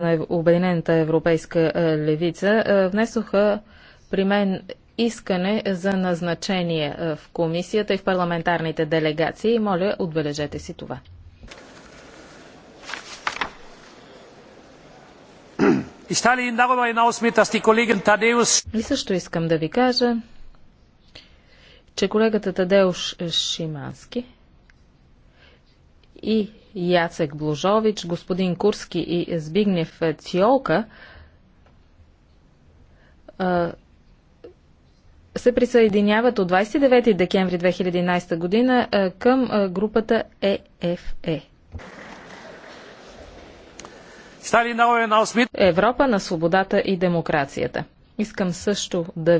на Обединената европейска е, левица е, внесоха при мен искане за назначение е, в комисията и в парламентарните делегации. Моля, отбележете си това. И също искам да ви кажа, че колегата Тадеуш Шимански и Яцек Блужович, господин Курски и Збигнев Циолка се присъединяват от 29 декември 2011 година към групата ЕФЕ. Е. Европа на свободата и демокрацията. Искам също да